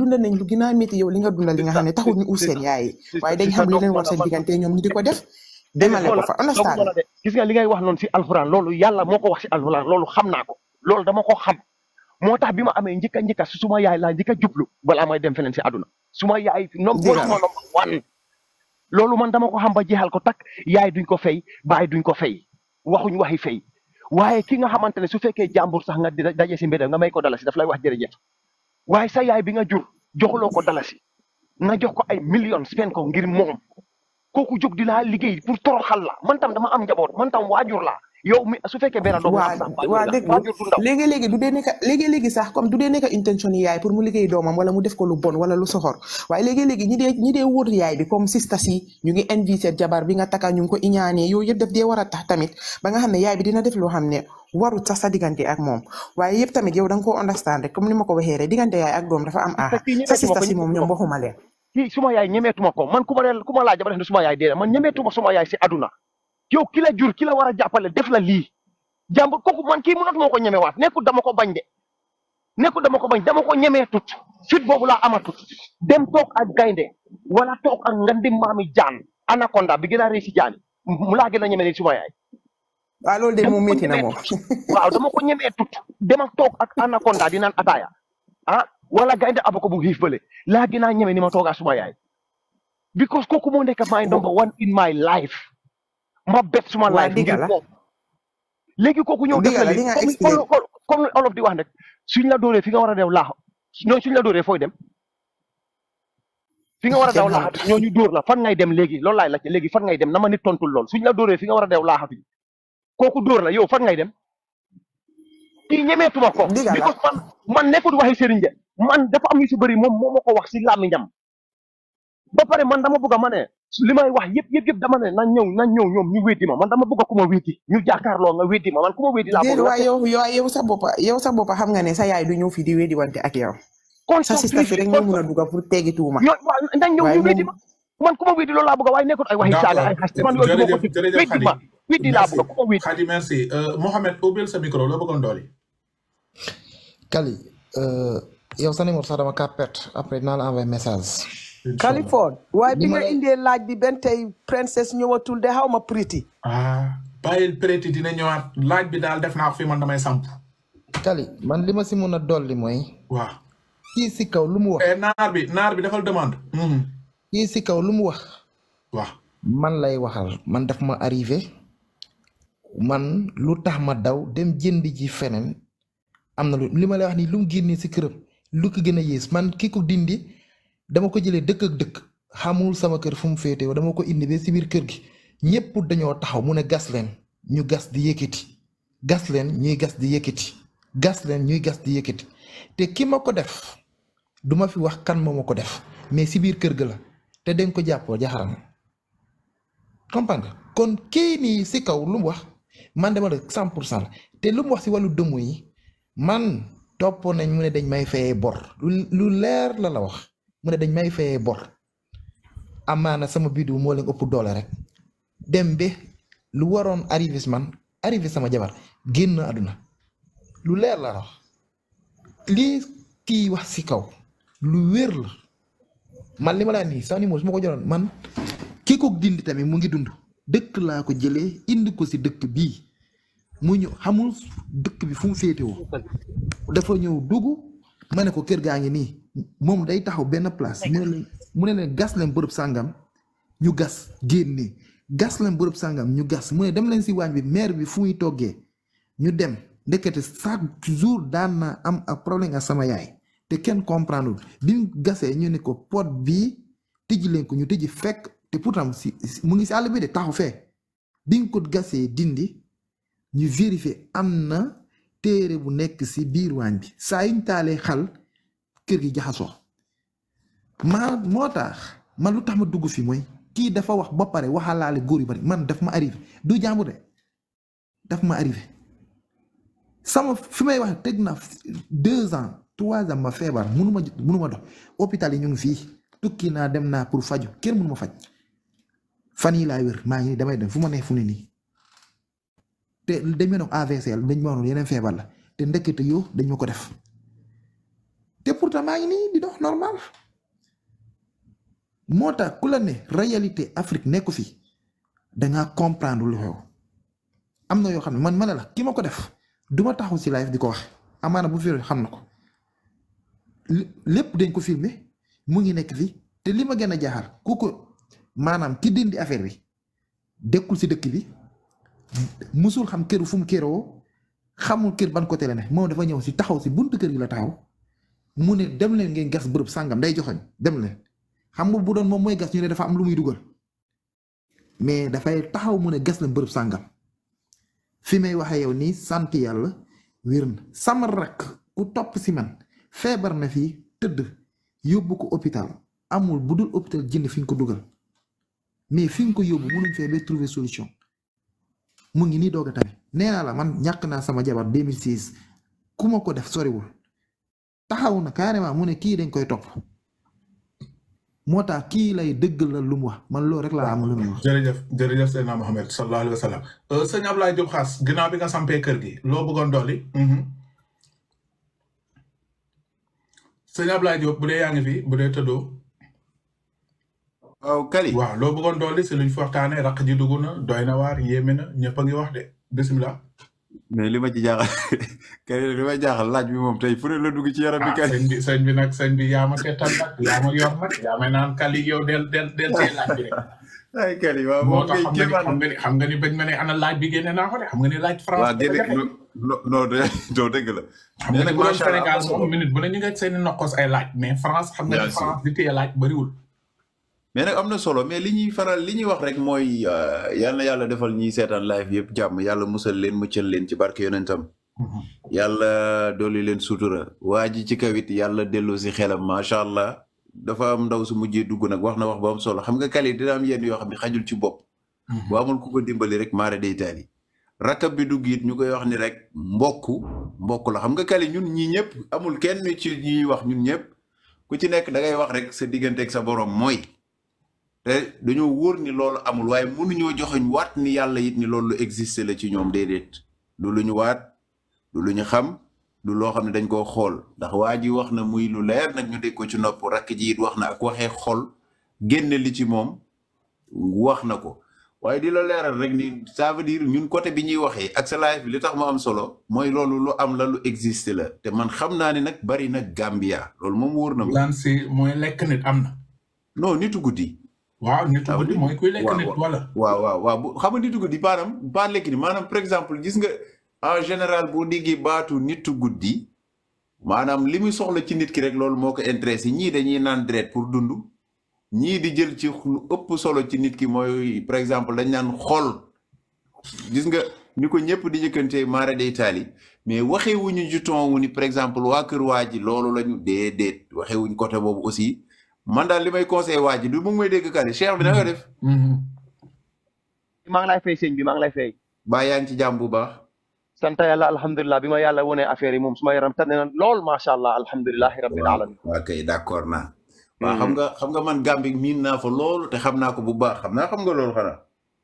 dund nañ lu gina metti yow li nga dund li nga xam taxul ñu uus yaay waye dañ xam li leen war seen digante ñom ñu diko def demale ko fa understand gis nga li ngay wax non ci alxuraan lolu yalla moko wax ci alxuraan lolu xamna ko lolu dama ko xam motax bima amé ñika ñika su suma yaay la ñika jublu bala may dem fenen ci aduna suma yaay nom mo nom wan lolu man dama ko xam ba jéxal ko tak yaay duñ ko fay baay duñ ko fay waxuñ waxi fay waye ki nga xamantene su fekke jambour sax nga dajé ci mbedd nga may ko dalasi daf lay wax jërëjëf waaye sa yaay bi nga jur joxuloo ko dalasi na jox ko ay millions spend ko ngir mom. koku jog di laa pour toroxal la man tam dama am jabot man tam wajur la yow mi su fekkee benn doom la sax waaw dégg léegi sax comme du dee nekk intention yi yaay pour mu liggéey doomam wala mu def ko lu bon wala lu soxor waaye léegi léegi yaay bi comme sistas ngi invité jabar bi nga taka ñu ngi ko iñaanee yooyu yëpp daf a tax tamit ba nga xam ne yaay bi dina def loo xam ne warut sax sa diggante ak moom waaye yëpp tamit yow da nga koo understand rek comme ni ma ko waxee rek diggante yaay ak doom dafa am aaxa sa sistas yi moom ñoom waxuma leen kii suma yaay ñemeetuma ko man man ñemeetuma suma yaay si aduna yow ki la jur ki la wara jappale def la lii jàmbur kooku man kii mënatuma moko ñeme waat neeku dama ko bañ de neeku dama ko bañ dama ko ñemee tut fit bobu la amatu dem tok ak gaynde wala tok ak ngandi maami jaan anaconda bi gina a jaan mu la gina a ni suma yaay wa lol de moom metti na mo wa dama ko ñemee tut dem ak tok ak anaconda di nan ataya ah wala gaynde abako bu hiif bële la gina a ni ma toogaa suma yaay because koku mo nek my number one in my life ma bet suma life ngir moom léegi kooku ñëw def na di wax rek suñ la dooree fi nga war a dew laax ñooñu suñ la dóoree fooy dem fi nga war a daw laaxatu ñooñu la fan ngay dem léegi loolu la laajte léegi fan ngay dem na ma nit tontul lool suñ la dooree fi nga war a dew laaxatu kooku dóor la yow fan ngay dem kii ñemeetuma ko because man man nekkul waxi sëriñ de man dafa am ñu si bari moom moo ko wax si làmmiñam ba pare man dama bëgg mané limay wax yépp yépp yëpp dama né na ñëw na ñëw ñom ñu wéddi ma man dama bëgg kuma ma ñu jaakarlo nga wéddi ma man kuma ma la laa bëgg waaye yow yow yow sa bopp yow sa bopp xam nga né sa yaay du ñëw fi di wéddi wante ak yow kon sa sister fi rek ñu mëna a pour téggi tuuma na ñëw ñu wéddi ma man kuma ma lool la bëgg way nekkut ay waxi saaga ay xas man lool ma ko wéddi ma wéddi laa bëgg kuma ma xadi merci euh mohammed obel sa micro lo bëggon doli Kali euh yow sa numéro sa dama kaa perte après dinaa la envoyé message Californie waaye bi nga indee laaj bi benn tey princesse ñëwatul de xaw ma priti ah bàyyil dina ñëwaat laaj bi daal def naa ko fi man damay samp Kali man li ma si mun a dolli mooy. waaw kii si kaw lu mu wax. Eh, naar bi naar bi defal demande. Mhm. kii si kaw lu mu wax. waaw man lay waxal man daf ma arrivé man lu tax ma daw dem jënd ji feneen am na lu li ma lay wax nii lu mu génnee si këram lu ko gën a yées man ki ko dindi. dama ko jëlé dëkk ak dëkk xamul sama kër fu mu dama ko indi bé ci bir kër gi ñëpp dañoo taxaw mu né gas leen ñu gas di yëkkati gas leen ñuy gas di yëkkati gas leen ñuy gas di yëkkati te ki ko def Duma fi wax kan moo ma ko def mais ci bir kër ga la te dañ ko jappo jaxaram comprendre kon kii ni si kaw lu wah wax man dama la 100 té lu mu wax si walu dëmm yi man topo nañ mu né dañ may fayé bor lu leer la la wax mune dañ may fayee bor amana sama bidou mo leen upp doole rek dem be lu waron arrivis man arrivis sama jabar genn aduna lu leer la wax li ki wax ci kaw lu wér la man lima la ni sax ni mo ma ko man kiko dindi tamit mu ngi dund dekk la ko jele indi ko ci dekk bi mu ñu xamul dekk bi fu mu féetewoo dafa ñew duggu ma ne ko kër gaa ngi nii moom day taxaw benn place mu ne leen ne gas leen bërëb sangam ñu gas génne gas leen bërëb sangam ñu gas mu ne dem leen si waañ bi maire bi fu muy toggee ñu dem ndekete chaque jour daan naa am ak problème ak sama yaay te kenn comprendre bi gasee ñu ne ko pot bi tëj leen ko ñu tëj fekk te pourtant si mu ngi si àll bi de taxu fee bi nga ko gasee dindi ñu vérifier am na téere bu nekk si biir waañ bi saa yuñ taalee xal kër gi jaxasoo maa moo tax man lu tax ma dugg fi mooy kii dafa wax ba pare waxalaale góor yi bari man daf ma arrivé du jàmbur de daf ma arrivé sama fi may wax teg na deux ans trois ans ma feebar munu ma munu ma dox hôpital yi ñu ngi fii tukki naa dem naa pour faju kenn munu ma faj fan yi laa wér maa ngi nii damay dem fu ma neex fu ne nii te dañ ma ne ko la dañ ma yeneen feebar la te ndekete yoo dañ ma ko def te pour maa ngi nii di dox normal moo tax ku la ne réalité Afrique nekku fi danga comprendre lu xew am na yoo xam ne man ma ne la ki ma ko def du ma taxaw si live di ko wax amaana bu fi xam na ko lépp dañ ko filmer mu ngi nekk fi te li ma gën a jaaxal ku ko maanaam ki dindi affaire bi dekkul si dëkk bi. musul xam kër fu mu këroo xamul kër ban côté la ne moom dafa ñëw si taxaw si bunt kër gi la taxaw mu ne dem leen ngeen gas bërëb sàngam day joxoñ dem leen xam nga bu doon moom mooy gas ñu ne dafa am lu muy dugal mais dafay taxaw mu ne gas leen bërëb sàngam fi may waxee yow nii sant yàlla wér na sama rakk ku topp si man feebar na fi tëdd yóbbu ko hôpital amul bu dul hôpital jënd fi nga ko dugal mais fi nga ko yóbbu mënuñ fee ba trouver solution. mu ngi nii doog a tamit nee naa la man ñàkk naa sama jabar 2006 ku ma ko def soriwul taxawu na carrément mu ne kii dañ koy topp moo tax kii lay dëgg la lu mu wax man loolu rek laa am lu mu wax. jërëjëf jërëjëf Seydina Mohamed sallallahu alayhi wa sallam euh, sëñ Ablaye Diop Xaas bi nga sampee kër gi loo bëggoon dolli. Mhm. sëñ Ablaye Diop bu dee yaa fi bu dee tëddoo. waaw Kali. waaw loo bëggoon dolli si luñ waxtaanee rakk ji dugg na dooy na waar yéeme na ngi wax de bisimilah. mais li ma ci jaaxal Kali li ma jaaxal laaj bi moom tey fu la dugg ci yaram bi. Ah, Kali sëñ bi sëñ bi nag sëñ bi yaa ma seetal nag yaa yow del del del see laaj bi rek. waaw moom kay xam xam nga ni bañ ma ne ana laaj bi génne naa ko xam nga ni laaj. France bi nga non non dëgg la. xam nga ne bu doon Sénégal moom bu ne ñu ngi seen laaj mais France xam laaj bariwul mais nag am na solo mais li ñuy faral li ñuy wax rek mooy euh, yal na yàlla defal ñiy seetaan live yëpp jàmm yàlla musal leen muccal leen ci barke yonentam mhm. yàlla dolli leen sutura waa ji ci kawit yàlla delloo si xelam macha allah dafa am ndaw si mujjee dugg nag wax na wax ba am solo xam nga kali dina am yenn yoo xam ne xajul ci bopp bu mhm. amul ko dimbali rek maara day taali rakab bi dugg it ñu koy wax ni rek mbokk mbokk la xam nga kali ñun ñi ñëpp amul kenn ci ñuy wax ñun ñëpp ku ci nekk da ngay wax rek sa digganteeg sa borom mooy te dañoo wóor ni loolu amul waaye mënuñoo joxeñ waat ni yàlla yit ni loolu lu existé la ci ñoom déedéet du lu ñu waat lu ñu xam lu loo xam ne dañ koo xool ndax waa ji wax na muy lu leer nag ñu dégg ko ci nopp rakk ji wax na ak waxee xol génne li ci moom wax na ko waaye di la leeral rek ni ça veut dire ñun côté bi ñuy waxee ak sa live bi li tax mu am solo mooy loolu lu am la lu existé la te man xam naa ni nag bari na Gambia loolu moom wóor na ma. si mooy lekk nit am na. non nitu guddi. waaw nitu guddi mooy waaw waaw xama xam nga nitu guddi maanaam ba lekk ni maanaam par exemple gis nga a général boo déggee baatu nitu guddi maanaam li muy soxla ci nit ki rek loolu moo ko intéressé ñii dañuy naan deret pour dund ñii di jël ci lu ëpp solo ci nit ki mooy par exemple dañ naan xool gis nga ni ko ñëpp di njëkkante maara day taali mais waxewuñu juton wu ni par exemple waa kër waa ji loolu lañu déedéet waxewuñ côté boobu aussi man dal limay conseil waji du mo ngi deg dégg kari cheikh bi na nga def. Mm-hmm. hmm mang lay fay seigne bi mang lay fay. ba yaa ci jambu ba santa yalla alhamdullilah bima yalla woné affaire yi mom suma yaram tànn na ma sha allah alhamdullilah rabbil alamin. Mm-hmm. waaw kay d' accord naa. xam nga xam nga man Gambie min na fa lol te xamna ko bu baax xamna xam nga lol xana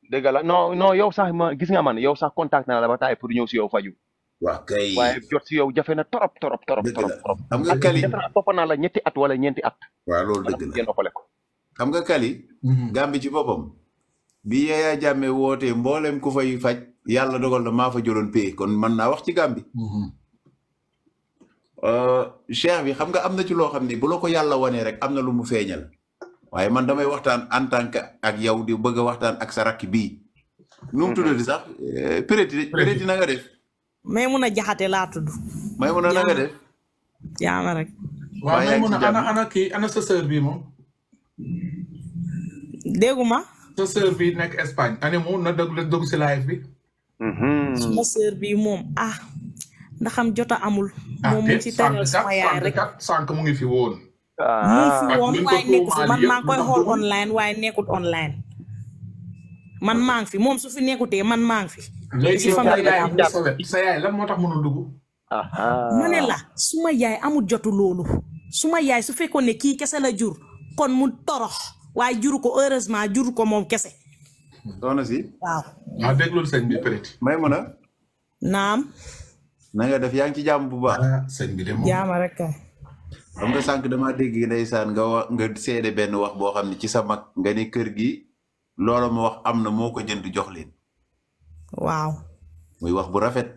deug la non non yow sax ma gis nga man yow sax contact na la ba tay pour ñew ci yow faju waaw kay waaye jot si yow jafe na torop torop torop torop torop xam nga kali topp naa la ñetti at ah. wala ñeenti at waaw loolu dëgg la noppale ko xam nga kali mm-hmm. gambi ci boppam bi yeeyaa jàmme wootee mboolem ku fay faj yàlla dogal na maa fa jëloon pay kon mën naa wax ci gambi mm-hmm. euh, cheikh bi xam nga am na ci loo xam ne bu la ko yàlla wanee rek am na lu mu feeñal waaye man damay waxtaan en tant que ak yow di bëgg waxtaan ak sa rakk bii nu mu mm-hmm. sax euh, péréti péréti na nga def Maymuna Jaxate laa tudd. Maymuna na nga def. yaa ma rek. waaw Maymuna ana ana kii ana sa sœur bi moom. déggu ma. sa sœur bi nekk Espagne ani mu na dëgg la dëgg si live bi. Mhm. sama sœur bi moom ah. ndaxam jota amul. Ah, moom mu ci teral sama yaay rek sànq mu ngi fi woon. mu ngi fi ah. woon waaye nekku fi man maa koy xool online waaye nekkut online. man mang fi mom su fi nekuté man maa ngi fi. am sa yaay lan motax mënul dugg. aha mané la suma yaay amu jotu lolu suma yaay su fekkone ki kessa kese la jur kon mu torox way juru ko heureusement juru ko mom kese. Dona si. waaw. waaw déglul sëñ bi peut may mëna naam. na nga def yaang ci jamm bu baax. Ah, sëñ bi dem jamm rek ka xam nga sank dama dégg ndaysan nga nga sédé ben wax bo xamni ci sa nga ni kër gi. loola mu wax am na moo ko jënd jox leen. waaw. muy wax bu rafet.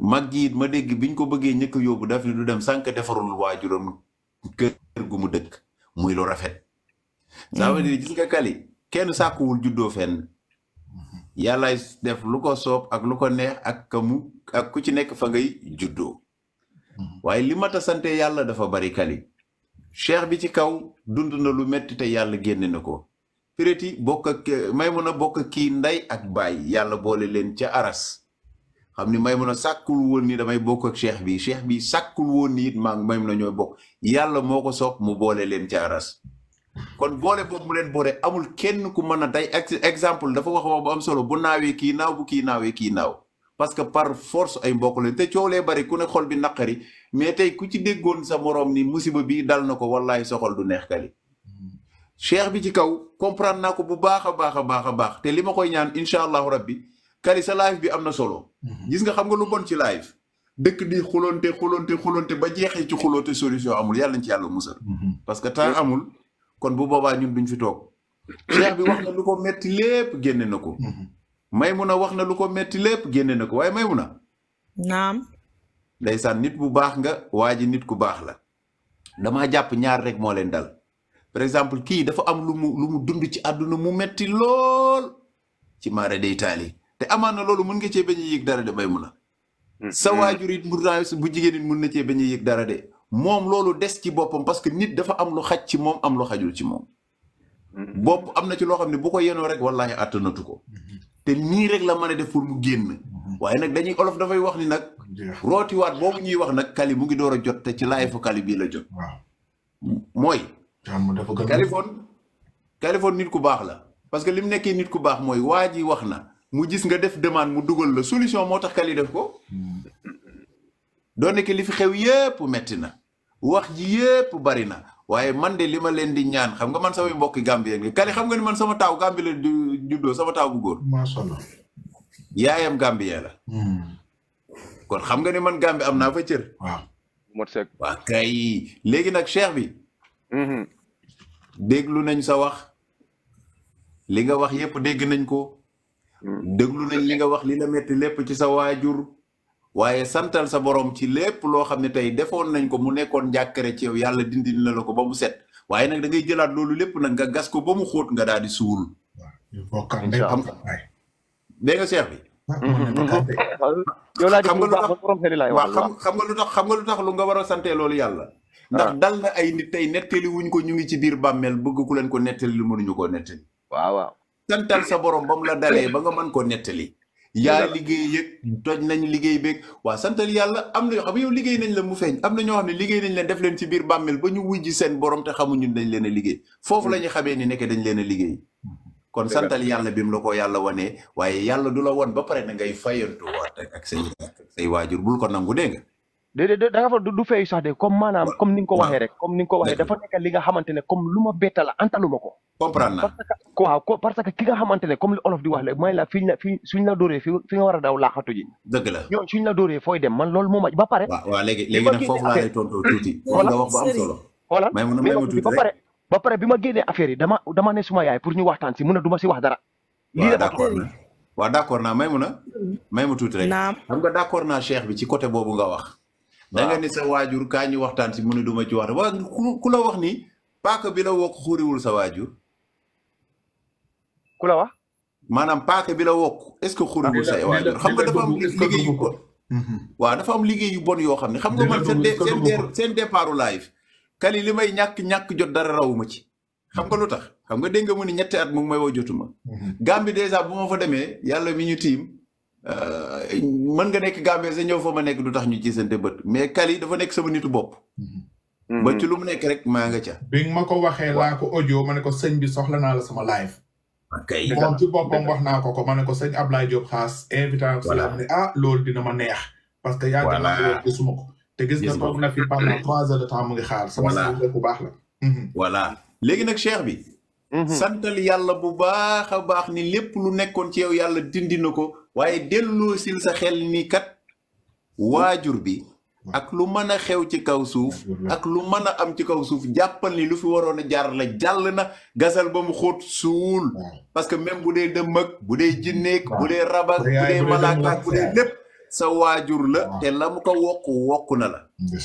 mag ji it ma dégg biñ ko bëggee ñëkk yóbbu daf lu dem sànq defarul waajuram kër gu mu dëkk muy lu rafet. ça veut dire gis nga kali kenn sàkkuwul juddoo fenn. yàllaay def lu ko soob ak lu ko neex ak ka mu ak ku ci nekk fa ngay juddoo. waaye li mat a sante yàlla dafa bari kali. cheikh bi ci kaw dund na lu mettite yàlla génne na ko. fireti bokk ak a bokk kii ndey ak baay yàlla boole leen ca aras xam ni a sàkkul woon nii damay bokk ak cheikh bi cheikh bi sàkkul woon ni it maa ngi Maymuna ñooy bokk yàlla moo ko soob mu boole leen ca aras kon boole boobu mu leen boole amul kenn ku mën a day exemple dafa wax wax bu am solo bu naawee kii naaw bu kii naawee kii naaw parce que par force ay mbokk leen te coow lee bari ku ne xol bi naqari mais tey ku ci déggoon sa moroom ni musiba bii dal na ko wallaay soxol du neex kali cheikh bi ci kaw comprendre naa ko bu baax a baax a baax a baax te li ma koy ñaan incha allahu rabbi kari sa live bi am na solo. Mhm. gis nga xam nga lu bon ci live. dëkk di xuloon xulonte xulonte xulonte ba jeexee ci xulonte solution amul yàlla nañ ci yàlla musal. Mhm. parce que temps amul kon bu boobaa ñun duñ fi toog. cheikh bi wax na lu ko metti lépp génne na ko. may mhm. Maymuna wax na lu ko metti lépp génne na ko waaye Maymuna. naam. ndeysaan nit bu baax nga waa ji nit ku baax la. damaa jàpp ñaar rek moo leen dal. par exemple kii dafa am lu mu lu mu dund ci àdduna mu metti lool ci maara day taali te amaan na loolu mun nga cee bañ a yëg dara de bay mu na mm-hmm. sa waajur it mun bu jigéen it na cee bañ a yëg dara de moom loolu des ci boppam parce que nit dafa am lu xaj ci moom am lu xajul ci moom mm-hmm. bopp am na ci loo xam ne bu ko yenoo rek wallaahi àttanatu ko mm-hmm. te nii rek la mën a def pour mu génn waaye nag dañuy olof dafay wax ni nag rootiwaat boobu ñuy wax nag kali mu ngi door a jot te ci laayifu kali bii la jot mooy jàmm dafa gën Kaliphone Kaliphone nit ku baax la parce que li nit ku baax mooy waa ji mu gis nga def demande mu dugal la solution moo Kali def ko doo nekk li fi xew yépp metti na wax ji yépp bari na waaye man de li ma di ñaan xam nga man samay mbokki Gambien nga Kali xam nga ni man sama taaw Gambie la juddoo sama taaw bu góor macha allah yaayam Gambien la hmm. kon xam nga ni man Gambie fa mot kay cheikh bi hmm. déglu nañ sa wax li nga wax yépp dégg nañ ko déglu nañ li nga wax li la metti lépp ci sa waajur waaye santal sa boroom ci lépp loo xam ne tey defoon nañ ko mu nekkoon njàkkare ci yow yàlla dindi na la ko ba mu set waaye nag da ngay jëlaat loolu lépp nag nga gas ko ba mu xóot nga daal di suul. xam dégg nga seex bi. yow laa di xam nga lu tax xam nga lu tax lu nga war a sante loolu yàlla. ndax ah. dal na ay nit tey nettali wuñ ko ñu ngi ci biir bàmmeel bëgg leen ko nettali lu mënuñu koo nettali. waaw waaw santal sa borom ba mu la dalee ba nga man koo nettali. yaa liggéey yëg toj nañ liggéey beek waa santal yàlla am na yoo xam ne yow liggéey nañ la am na ñoo xam ne liggéey nañ leen def leen ci biir bàmmeel ba ñu wujji seen borom te xamuñu dañ leen a liggéey foofu la ñu xamee ni nekk dañ leen a liggéey kon santal yàlla bi mu la koo yàlla wanee waaye yàlla du la won ba pare na ngay fayantu waat ak say ak waajur bul ko nangu dee nga déedéet da fa du feeyu sax de comme maanaam comme ni nga ko waxee rek comme ni nga ko waxee dafa nekk li nga xamante comme lu betta la antaluma ko ko que ki nga xamante ne comme li olof di wax la may la fi ñu la fi suñ nga war a daw la ñoom fooy dem man loolu moo ma ba pare waaw ba pare ba pare bi ma génnee affaire yi dama dama ne suma yaay pour ñu waxtaan si mun na du ma si wax dara lii d'accord na waaw d'accord naa mu na may ma tuuti rek xam nga d'accord naa cheikh bi ci côté boobu nga wax da nga ni sa waajur kaa ñu waxtaan si mu ne du ma ci wax wa ku la wax nii paaka bi la wokk xuuriwul sa waajur. ku wax. maanaam paaka bi la wokk est-ce que xuuriwul sa waajur xam nga dafa am liggéey yu bon. waaw dafa am liggéey yu bon yoo xam ne xam nga man seen seen seen départu live kali li may ñàkk ñàkk jot dara rawuma ci. xam nga lu tax xam nga dégg nga mu ne ñetti at mu may woo jotuma. Mm-hmm. Gambie dèjà bu ma fa demee yàlla mi ñu tiim. Euh, mën nga nekk Gambie sa ñëw fa ma nekk du tax ñu gisante bët mais Kali dafa nekk sama nitu bopp. Mm-hmm. ba ci lu mu nekk rek maa nga ca. bi ma ko waxee laa ko audio ma ne ko sëñ bi soxla naa la sama live. kay ci boppam wax naa ko ko ma ne ko sëñ Ablaye Diop xaas. invité am si la ah, loolu dina ma neex. parce que yàgg naa loolu gisuma ko. te gis nga toog na fi pendant trois heures de temps mu ngi xaar. sama sëñ bu baax la. Mm-hmm. voilà léegi nag cheikh bi. Mm-hmm. santal yàlla bu baax a baax ni lépp lu nekkoon ci yow yàlla dindi na ko. waaye delloo sil sa xel ni kat waajur bi ak lu mën a xew ci kaw suuf ak lu mën a am ci kaw suuf jàppal ni lu fi waroon a jaar la jàll na gasal ba mu xóot suul parce que même bu dee dëmm bu dee jinneeg bu dee rabak bu dee malaakaak bu dee lépp sa waajur la te la mu ko wokk wokk na la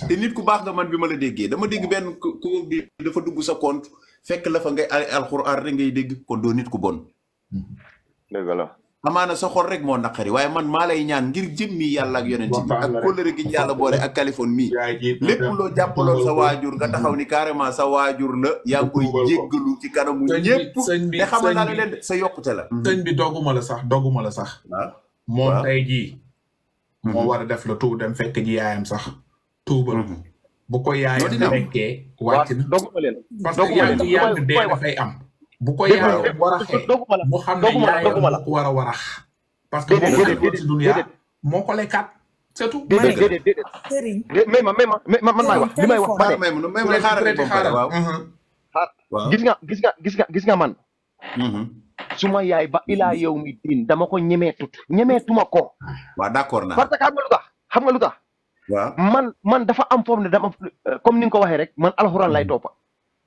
te nit ku baax nga man bi ma la déggee dama dégg benn ku bi dafa dugg sa kont fekk la fa ngay alxuraan rek ngay dégg kon doo nit ku bon mm-hmm. amaana sa xol rek moo naqari waaye man maa lay ñaan ngir jëmmi yàlla ak yonent bi ak kóllëre gi yàlla boole ak Californie mii lépp loo jàppaloon sa waajur nga taxaw ni carrément sa waajur la yaa ngi koy jéggalu ci kanamu ñépp te xamal leen sa yokkute la sëñ bi dogguma la sax dogguma la sax ah. moo ah. tey jii mm-hmm. moo war a def la tu dem fekk ji yaayam sax tuubal mm-hmm. bu ko yaayam fekkee wàcc na parce que yàgg dee dafay am bu ko yàlla waraxee mu xam ne yaayam ko war a warax. parce que boo ko ci dunya moo ko lekkaat c'est tout. déedéet déedéet sëriñ. may ma may ma man maay wax li may wax ma ne. may ma xaaral waaw mhm. waaw gis nga gis nga gis nga gis nga man. Mhm. suma yaay ba ilaa yow mi diin dama ko ñemeetut ñemeetuma ko. waaw d'accord naa parce que xam nga lu tax xam nga lu tax. waaw man man dafa am foofu ne dama comme ni nga ko waxee rek man alxuraan lay toppa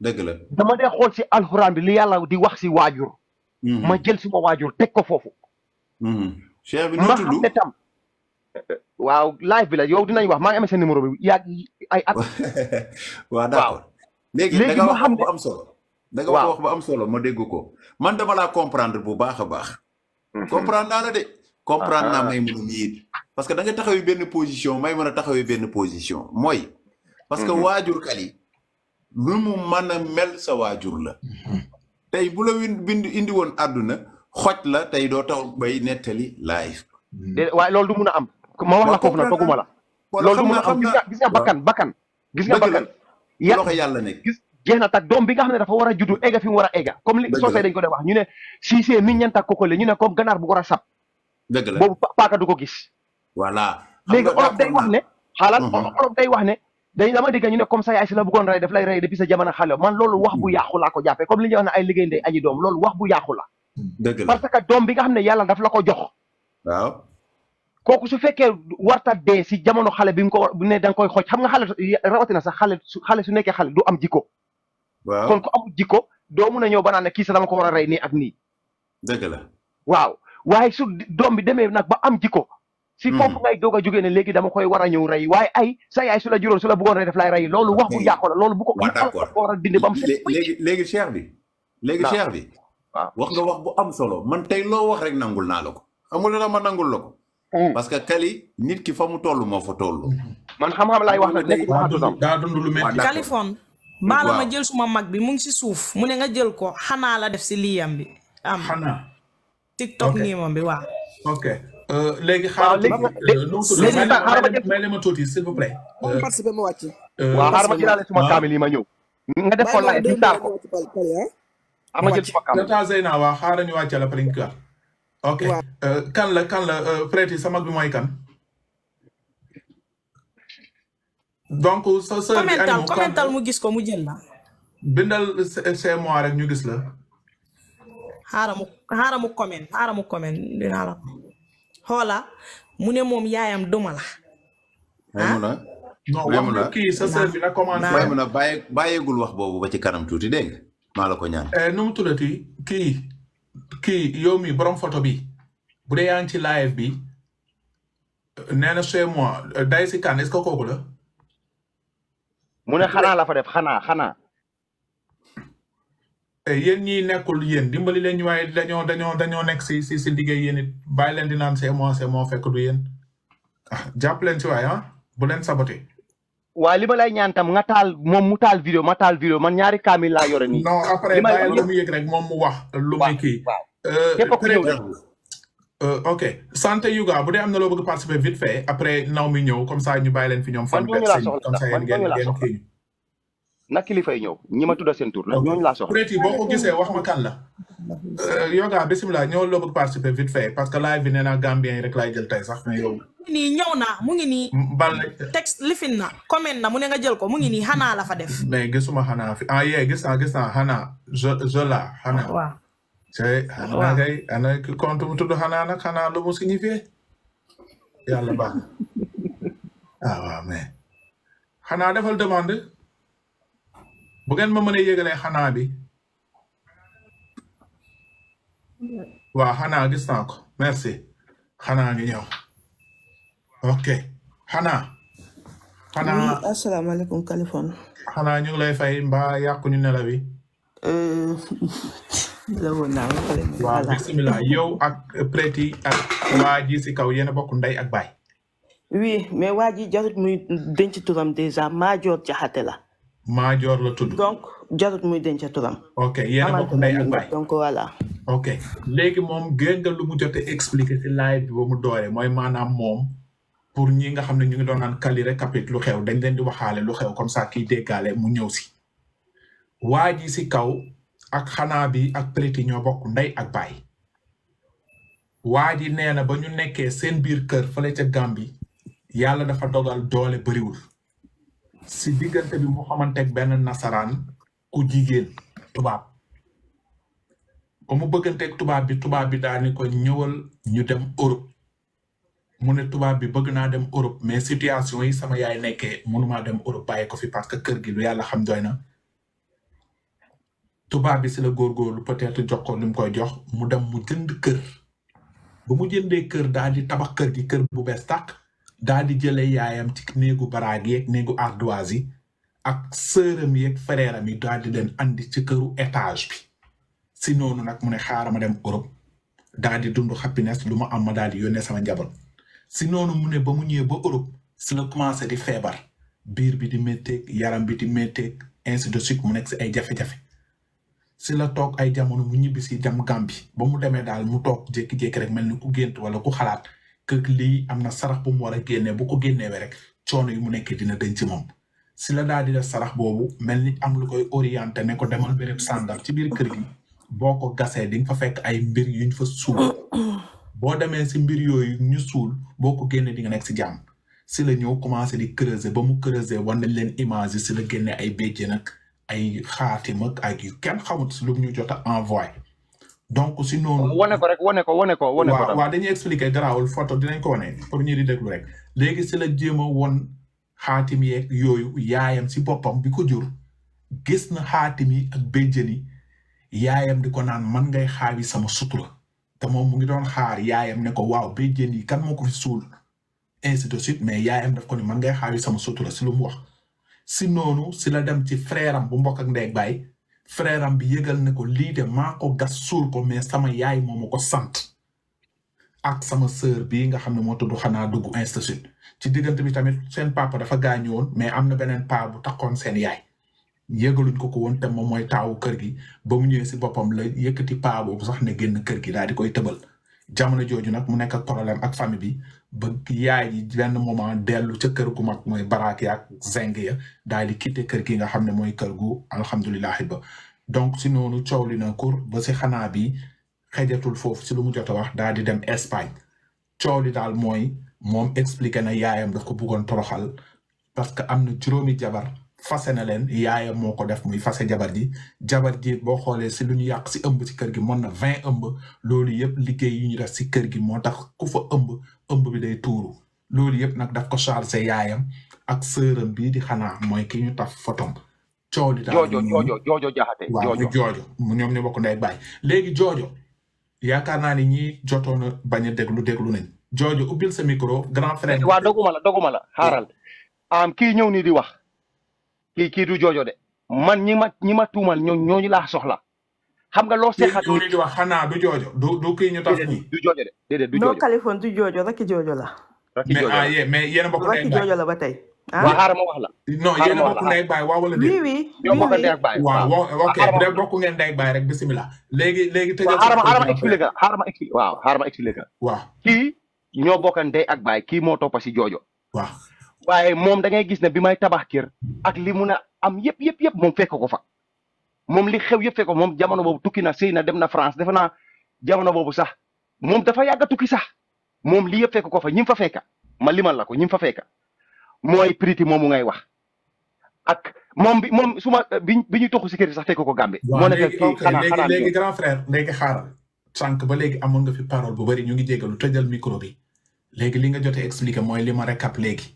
dëgg la dama dee xool si alxuraan bi li yàlla di wax si waajur. Mhm. ma jël suma waajur teg ko foofu. Mhm. cheikh bi noo tudd ma xam ne waaw live bi la yow dinañ wax maa ngi sa numéro bi yaa ay at. waaw d'accord léegi da nga wax bu am solo. danga nga wax bu am solo ma dégg ko man dama laa comprendre bu baax a baax. Mhm. comprendre naa la de. comprendre naa ah, ah. may mën a parce que da nga taxawee benn position may mën a taxawee benn position mooy. parce que waajur kali. lu mu mën a mel sa waajur la mhm. tey bu la bind indi woon àdduna xoj la tey doo tax bay nettali live mhm. waaye lool du mun a am ma wax la foofu na dogguma la loolu du mun a am gis nga gis nga bakkan bakkan gis nga bakkan loxo yàlla nekk gis jeex na doom bi nga xam ne dafa war a juddu egga fi mu war a comme li soosey dañ ko dee wax ñu ne siisee mi ñanta kokole ñu ne comme ganaar bu ko war la boobu paaka du ko gis voilà léegi mhm. olof day wax ne xaalal olof day wax ne dañ dama a ñu ne comme ça yaay si la bëggoon rey daf lay rey depuis sa jamono xale man loolu wax bu hmm. yàqu laa ko jàppee comme li ñuy hmm, la parce que doom bi nga xam ne yàlla daf la ko jox waaw kooku su fekkee warta dee si jamono xale bi mu ko ne da nga koy xooj xam nga xale rawatina sax xale su xale su nekkee xale du am jikko waaw kon ku amul jikko doo mun a ñëw ba naan ne kii sax dama ko war a rey nii ak nii waaw waaye su doom bi demee nag ba am jikko si fof hmm. ngay doga a jógee ne léegi dama koy wara a ray rey ay sa yaay sula juroon sula su la bëggoon rey daf lay ray loolu wax bu yàqu la loolu bu ko war wara dindi bam mu léegi léegi cheikh bi léegi cheikh bi wax nga wax bu am solo man tay lo wax rek nangul na lako amul na ma nangul lako hmm. parce que kali nit ki famu tollu mo fa tollu hmm. man xam-xam lay wax nag nekk waxatusam daa dund lu metti Kaliphone bala ma jël suma mag bi mu ngi ci souf mu ne nga jël ko xana la def ci liyam bi am xana tiktok ni mom bi wa ok léegi xaaral ma tuuti s'il vous plaît. Euh, participer ma wàcc. Euh, waaw xaaral ma jëlaale suma kaamil yi ma ñëw. nga def ko laaj ñu taal ko. ah jël suma kaamil. taa Zeyna waaw xaaral ñu wàcce la pare ok euh, kan la kan sama bi mooy kan. donc sa sœur ko mu jël la. bindal c'est moi rek ñu gis la. xaaral mu xaaral mu comment xaaral mu comment dinaa la. xoola mu ne moom yaayam duma la. ah non kii sa sœur bi na commencé. Maymuna bàyyi wax boobu ba ci kanam tuuti dégg maa la ko ñaan. Eh, nu mu tuddati kii kii yow mi borom photo bi bu dee yaa ngi ci live bi nee na chez day si kan est-ce que mu ne xanaa la xanaa xanaa. Eh, yéen ñi nekkul yéen dimbali leen ñu waaye dañoo dañoo dañoo nekk si si si liggéey yéen it leen di naan c'est moi c'est moi fekk du yéen ah jàpp leen si waaye ah bu leen saboté. waa li ma lay ñaan tam nga taal moom mu taal vidéo ma taal vidéo man ñaari kaamil laa yore nii. non après bàyyi lu mu yëg rek moom mu wax. lu muy kii euh, euh, ok santé Youga bu dee am na loo bëgg participer vite fait après naw mi ñëw comme sa ñu bàyyi leen fi ñoom. fan comme ça yéen ngeen na kilifa yi ñëw ñi ma tudda seen tur la ñooñu laa soxla. Preti boo ko gisee wax ma kan la. Euh, yoga bisimilah ñëw loo bëgg participer vite fait parce que live bi nee naa Gambien yi rek laay jël tey sax mais yow. mu ngi nii ñëw naa mu ngi nii. bal texte lifin na comment na mu ne nga jël ko mu ngi nii xanaa la fa def. mais gisuma xanaa fi ah yee gis naa gis naa xanaa je je la xanaa. waaw c'est xanaa kay ana ah, defal demande. bu ngeen ma mën a yëgalee xanaa bi waaw xanaa gis naa merci xanaa ngi ñëw ok xanaa xanaa asalaamaaleykum Kaliphone xanaa ñu lay fay mbaa yàqu ñu nelaw yi euh, waaw bisimilah yow ak Pretty ak waa si kaw yen a bokk ndey ak baay oui mais waa ji jarut muy denc turam dèjà maa joor jaxate la joor la tudd. donc jarut muy denc turam. ok yéen a bokk ndey ak baay ok léegi moom gën nga lu mu jotee expliqué ci live bi ba mu dooree mooy maanaam moom pour ñii nga xam ne ñu ngi doon naan kali rek kapit lu xew dañ leen di waxaale lu xew comme ça kiy déggaale mu ñëw si. waa ji si kaw ak xanaa bi ak preti ñoo bokk ndey ak baay. waa ji nee na ba ñu nekkee seen biir kër fële ca Gàmbi yàlla dafa dogal doole bëriwul. si digënté bi mu xamanté ak benn nasaraan ku jigéen tubaab ba mu ak tubaab bi tubaab bi ni ko ñëwal ñu dem Europe mu ne tubaab bi bëgg naa dem Europe mais situation yi sama yaay nekkee mënumaa dem Europe bàyyi ko fi parce que kër gi lu yàlla xam doy na tubaab bi si la góorgóorlu peut-être jox ko lim koy jox mu dem mu jënd kër ba mu jëndee kër daal di tabax kër gi kër bu bees tàq daal di jëlee yaayam ci néegu baraag yeeg néegu ardoise yi ak sëram yeeg frèram yi daal di leen andi ci këru étage bi si noonu nag mu ne xaaral dem Europe daal di dund happiness lu ma am ma daal di yónnee sama njabal si noonu mu ne ba mu ñëwee ba Europe si la commencé di feebar biir bi di métteeg yaram bi di métteeg ainsi de suite mu nekk si ay jafe-jafe si la toog ay jamono mu ñibbi si dem ba mu demee daal mu toog jékki-jékki rek mel ku gént wala ku xalaat que lii am na sarax bu mu war a génnee bu ko génnewee rek coono yi mu nekkee dina ci moom si la daal di def sarax boobu mel ni am lu koy orienté ne ko demal béréb sàngam ci biir kër gi boo ko gasee di nga fa fekk ay mbir yuñ fa suul boo demee si mbir yooyu ñu suul boo ko génnee di nga nekk si jàmm si la ñëw commencé di creuser ba mu creuser wan nañ leen image yi si la génnee ay béjjén nag ay xaatim ak ay kenn xamut si lu ñu jot a envoyé. donc si noonu wane ko rek wane ko wane ko wane ko waaw dañuy expliquer garaawul photo dinañ ko wane pour ñi di déglu rek léegi si la jéem a won xaatim yeeg yooyu yaayam si boppam bi ko jur gis na xaatim yi ak béjjani yaayam di ko man ngay xaawi sama sutura te moom mu ngi doon xaar yaayam ne ko waaw béjjën kan moo ko fi suul ainsi de suite mais yaayam daf ko ni man ngay xaawi sama sutura si lu wax si noonu si la dem ci frère bu mbokk ak ndey ak frère bi yëgal ne ko lii de maa ko gas suul ko mais sama yaay moo ma ko sant ak sama sœur bi nga xam ne moo tudd xanaa dugg institut ci diggante bi tamit seen papa dafa gaañu woon mais am na beneen paa bu takkoon seen yaay yëgaluñ ko ko woon te moom mooy taawu kër gi ba mu ñëwee si boppam la yëkkati paa boobu sax ne génn kër gi daal di koy tëbal. jamono jooju nag mu nekk ak problème ak famille bi ba yaay ji benn moment dellu ca kër gu mag mooy baraak ak zeng ya daal di quitté kër gi nga xam ne mooy kër gu alhamdulilahi ba donc si noonu coow li na kur ba si xanaa bi xejatul foofu si lu mu jot a wax daal di dem Espagne coow li daal mooy moom expliquer na yaayam daf ko buggoon toroxal parce que am na juróomi jabar fase na leen yaayam moo ko def muy fase jabar ji jabar ji boo xoolee si lu ñu yàq si ëmb si kër gi moon na vingt ëmb loolu yëpp liggéey yu ñu def si kër gi moo tax ku fa ëmb ëmb bi day tuuru loolu yëpp nag daf ko chargé yaayam ak sëram bii di xanaa mooy ki ñu taf fotom coow li daal joojo joojo joojo jaxate mu joojo ñoom ñu bokk ndey baay léegi joojo yaakaar naa ni ñi jotoon a bañ a déglu déglu nañ joojo ubbil sa micro grand frère waaw doguma la doguma di wax ki ki du jojo de man ñi ma ñi ma tumal ñoo ñoo la soxla xam nga lo seexat nit di wax xana du jojo du du ki ñu tax ni du jojo de déedéet du jojo no californe du jojo rek jojo la rek joojo ah, mais mais yene bokku rek jojo la ba tey ah? waa mo ma wax la non yene bokku ndey bay wa wala wi wi ñoo bokku ndey ak baay wa ok de bokku ngeen ndey bay rek bismillah legi legi tejo xara ma xaaral ma expliquer xaaral ma expliquer wa xara ma expliquer wa ki ñoo bokkan day ak bay ki mo topasi si wa waaye moom da ngay gis ne bi may tabax kër ak li mun a am yëpp yëpp yëpp moom fekk ko fa moom li xew yëpp fekk ko moom jamono boobu tukki na sëy na dem na France defe naa jamono boobu sax moom dafa yàgg sax moom li yëpp ko fa ñi mu fa fekka ma limal la ko ñi mu fa fekka mooy moom moomu ngay wax ak moom bi moom su ma bi bi ñu toxu si kër sax fekk ko Gambie. moo nekk kii xanaa xanaa léegi léegi grand frère léegi xaaral sànq ba léegi amoon nga fi parole bu bari ñu ngi jégalu tëjal micro bi léegi li nga jotee expliqué mooy li ma récap léegi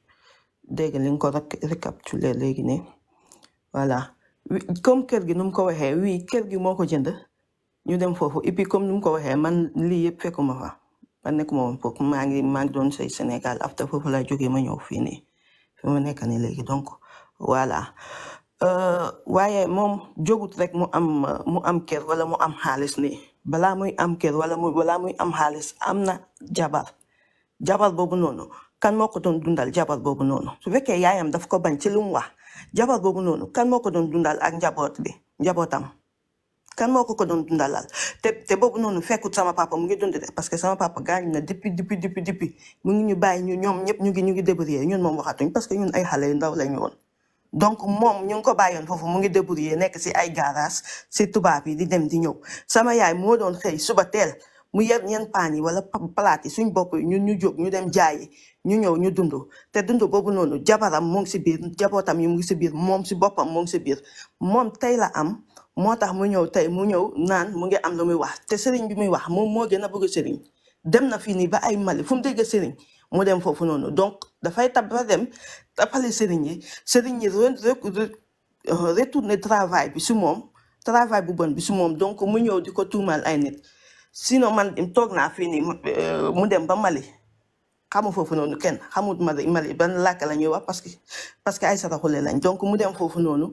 dégg li nga ko récapituler léegi nii voilà comme kër gi nu mu ko waxee wii kër gi moo ko jënd ñu dem foofu et comme nu mu ko waxee man lii yëpp fekkuma fa man nekkuma woon foofu maa ngi maa ngi doon say Sénégal après foofu laa jógee ma ñëw fii nii fi ma nekk ni léegi donc voilà euh, waaye moom jógut rek mu am mu am kër wala mu am xaalis nii balaa muy am kër wala mu balaa muy am xaalis am na jabar jabar boobu noonu kan moo ko doon dundal jabar boobu noonu su fekkee yaayam daf ko bañ ci lu mu wax jabar boobu noonu kan moo ko doon dundal ak njaboot bi njabootam kan moo ko ko doon dundalal te te boobu noonu fekkut sama papa mu ngi dund parce que sama papa gaañ na depuis depuis depuis depuis mu ngi ñu bàyyi ñu ñoom ñëpp ñu ngi ñu ngi débrouiller ñun moom waxatuñ parce que ñun ay xale yu ndaw lañu woon. donc moom ñu ngi ko bàyyoon foofu mu ngi débrouiller nekk si ay garage si tubaab yi di dem di ñëw sama yaay moo doon xëy suba teel. mu yer ñeen paan yi wala palaat yi suñ bopp yi ñun ñu jóg ñu dem jaayi ñu ñëw ñu dund te dund boobu noonu jabaram mu ngi si biir jabootam yi mu ngi si biir moom si boppam mu ngi si biir moom tey la am moo tax mu ñëw tey mu ñëw naan mu ngi am lu muy wax te sëriñ bi muy wax moom moo gën a bëgg sëriñ dem na fii nii ba ay Mali fu mu dégg sëriñ mu dem foofu noonu donc dafay tab dem tapale sëriñ yi sëriñ yi retourner bi si moom travail bu bon bi si moom donc mu ñëw di ko tuumaal ay nit sinon man toog naa fii nii eh, mu dem ba Mali xamu foofu noonu kenn xamut Mali Mali ban làkk la ñuy wax parce que parce que ay saraxule lañ donc mu dem foofu noonu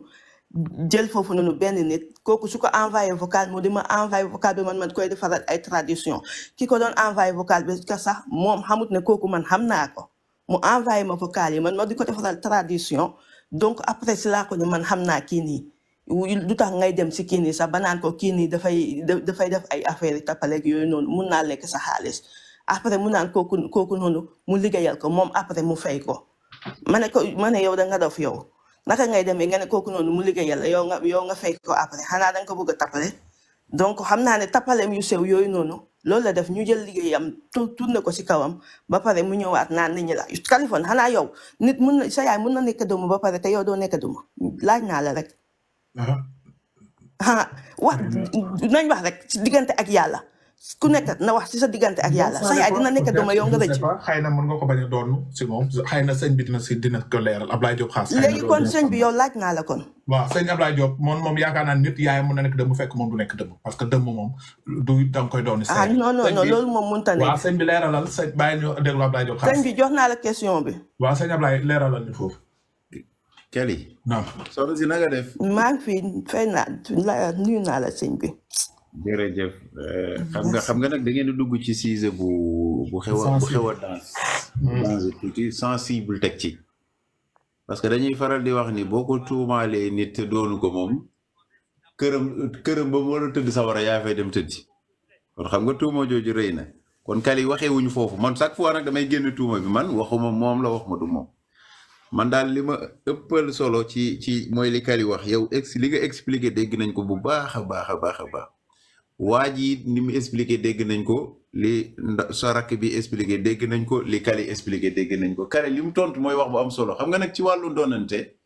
jël foofu noonu benn nit kooku su ko envoyé vocal mu di ma envoyé vocal bi man man koy defaral ay tradition ki ko doon envoyé vocal bi moom xamut ne kooku man xam naa ko mu envoyé ma vocal yi man ma di ko defaral traduction donc après si laa ko ne man xam naa kii nii. lu tax ngay dem si kii nii sax ba naan ko kii nii dafay dafay def ay affaire tappaleeg yooyu noonu mun naa lekk sax xaalis après mu naan kooku kooku noonu mu liggéeyal ko moom après mu fay ko ma ne ko ma ne yow da nga dof yow naka ngay demee nga ne kooku noonu mu liggéeyal yow nga yow nga fay ko après xanaa da nga ko bëgg a tappale donc xam naa ne tappaleem yu sew yooyu noonu loolu la def ñu jël liggéeyam tu tourné ko si kawam ba pare mu ñëwaat naan nit ñi la xanaa yow nit mun na sa yaay mun na nekk doomu ba pare te yow doo nekk doomu laaj naa rek ah wax nañ wax rek ci diggante ak yàlla ku nekk na wax ci sa diggante ak yàlla sax yaay dina nekk dama yow nga rëcc xëy na mën nga ko bañ a doon si moom xëy na sëñ bi dina si dina ko leeral Ablaye Diop xaas la kon waaw sëñ Ablaye na nekk dëmm fekk moom nekk dëmm parce que dëmm moom ah, moom mënta ne waaw sëñ bi leeralal sëñ bàyyi ñu déglu Ablaye Diop xaas sëñ bi jox naa la question bi waaw sëñ Ablaye leeralal ni foofu Kelly. non soxna si na def. maa ngi fi fay naa nuyu naa la sëñ bi. jërëjëf eh, xam nga xam nga nag da ngeen dugg ci sujet bu bu xew a bu xew a danse. Mm. sensible teg ci. parce que dañuy faral di wax ni boo ko tuumaalee nit te doonu ko moom këram këram ba mu war a tëdd sawara yaa fay dem tëddi kon xam nga tuuma jooju rey na kon Kali waxee wuñu foofu man chaque fois nag damay génn tuuma bi man waxuma moom la wax ma du moom. man daal li ma ëppal solo ci ci mooy li Kali wax yow ex li nga expliqué dégg nañ ko bu baax a baax a baax a baax waa ji ni mu expliqué dégg nañ ko li sa rakk bi expliqué dégg nañ ko li Kali expliqué dégg nañ ko Kali li mu tontu mooy wax bu am solo xam nga nag ci wàllu doonante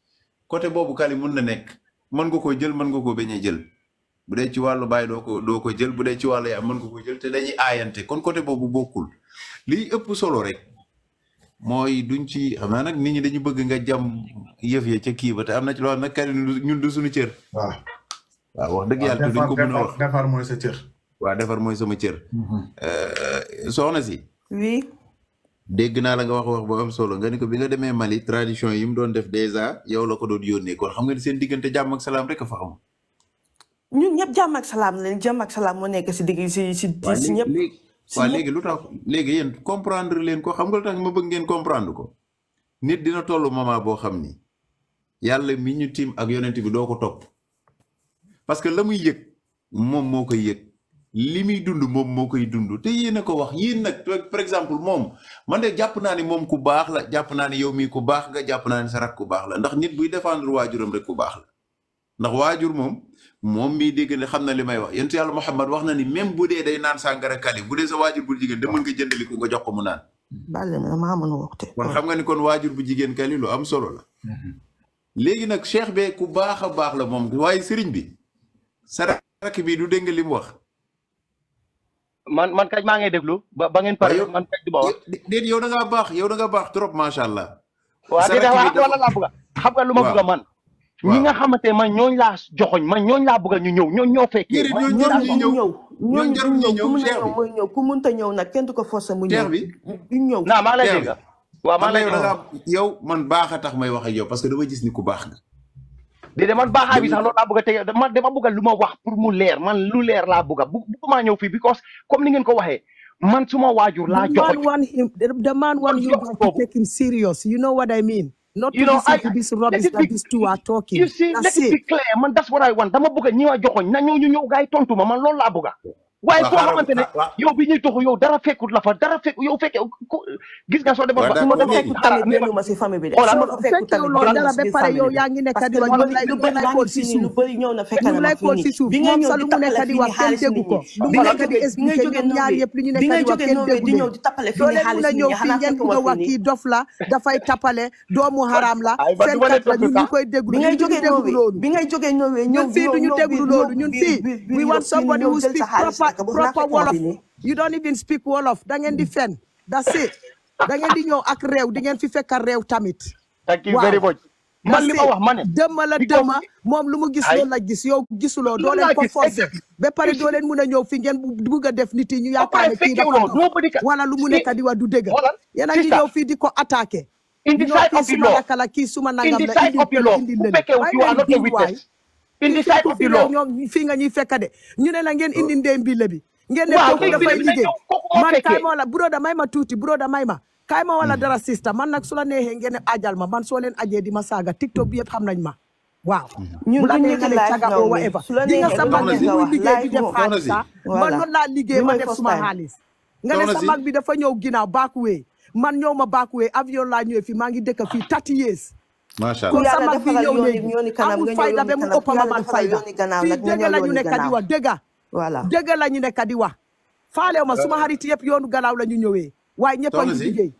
côté boobu Kali mun na nekk mën nga koo jël mën nga koo bañ a jël bu dee ci wàllu baay doo ko doo ko jël bu dee ci wàllu yaay mën nga koo jël te dañuy aayante kon côté boobu bokkul liy ëpp solo rek. mooy duñ ci xam naa nag nit ñi dañu bëgg nga jam yëf ya ca kii ba te am na ci loo xam ne ñun du suñu cër. waaw waaw wax dëgg yàlla. duñ a wax defar mooy sa mooy sama cër. Mm-hmm. Euh, soxna si. oui. dégg naa la nga wax wax bu am solo nga ni ko bi nga demee Mali tradition yi mu doon def dèjà yow la ko doon yónnee kon xam nga ni seen diggante jàmm ak salaam rek a fa am. ñun ñëpp jàmm ak salaam lañ jàmm ak salaam moo nekk si digg si ñëpp. waa léegi lu tax léegi yéen comprendre leen ko xam nga lu tax ma bëgg ngeen comprendre ko nit dina toll moment boo xam ni yàlla mi ñu tiim ak yonent bi doo ko topp parce que la muy yëg moom moo koy yëg li muy dund moom moo koy dund te yéen a ko wax yéen nag par exemple moom man de jàpp naa ni moom ku baax la jàpp naa ni yow mii ku baax nga jàpp naa ni sa rak ku baax la ndax nit buy défendre waajuram rek ku baax la ndax waajur moom moom mii dégg xam na li may wax yentu yàlla Muhammad wax na ni même bu dee day naan sàngara kali bu dee sa waajur bu jigéen da mën nga jëndali ko nga mu naan. bàyyi la maa a waxte. kon xam nga ni kon waajur bu jigéen kali lu am solo la. léegi nag cheikh be ku baax a baax la moom waaye sëriñ bi. sarak bi du dégg li mu wax. man man kay maa ngi déglu ba ba ngeen pare man kay du ma wax. déet yow da ngaa baax yow da baax trop macha allah. sarak bi waaw déedéet waaw xam nga lu ma bëgg a ñi nga xamante man ñooñ laa joxoñ ma ñooñ laa bëgg ñu ñëw ñooñu ñoo fekkee. ñooñu jarul ñi ñëw ñooñu jarul ñi ñëw ñëw mooy ñëw ku mënta ñëw na kenn du ko forcer mu ñëw. du ñëw naa maa lay dégg. waaw maa lay yow man baax a tax may wax ak yow parce que dama gis ni ku baax nga. déedéet man baaxaay bi sax loolu laa bëgg a tege man dama bëgg lu ma wax pour mu leer man lu leer laa bëgg a bu maa ñëw fii because comme ni ngeen ko waxee. man suma waajur laa joxoñ. the man want him the man want you take him serious you know what I mean not you to know, listen I, to this rubbish that be, these two are talking. You see, that's let it, it be clear. Man, that's what I want. Dama bëgg ñi wa joxoñ na ñoo man loolu laa bëgg. waaye foo xamante ah, yow bi ñuy toxu yow dara fekkut la fa dara fekk yow fekke gis nga soo demoon ba ma def fekkut tamit bi de soo fekkut tamit dara ba pare yow yaa ngi nekk di wax ñu lay si suuf ñu na fekk na ma fii nii bi nga dafay tappale doomu haram la fenkat ñu koy déglu ñun bi ngay jógee ñëwee ñëw fii duñu loolu ñun fii we want somebody who speak proper proper wolof you don't even speak wolof da ngeen di fen that's it da ngeen di ñëw ak réew di ngeen fi fekk réew tamit. thank you very much. man li ma wax ma ne dëmma la dëmma moom lu mu gis loolu la gis yow gisuloo doo leen ko forcé ba pare doo leen mun a ñëw fi ngeen bugg a def nit yi ñu yaakaar wala lu mu nekk di wax du dëgg yéen a ngi ñëw fii di ko attaqué. in the sight of the law in the sight of the indi side of the fii nga ñuy fekk de ñu ne la ngeen indi ndéem bi la bi ngeen ne kooku dafay liggéey man kay ma wala broda may ma tuuti broda may ma kay ma wala hmm. dara sista man nag su la neexee ngeen ajal ma man soo leen ajee di ma saaga tiktok bi yëpp xam nañ ma waaw hmm. ñun la ñu kale caga o wa eva di nga sa bi muy liggéey di def xaalis man noonu ma def suma bi dafa ñëw ginnaaw baakuwee man ñëw ma baakuwee avion laa ñëwee fii maa ngi dëkk fii thirty years macha allah ku yàlla defal yooni yooni kanam amul fayda ba mu ëpp ma man fayda fii dégg la ñu nekk di wax dégg voilà dégg la ñu nekk di wax faalew ma suma euh, xarit yëpp yoonu gannaaw la ñu ñëwee waaye ñëpp a ngi liggéey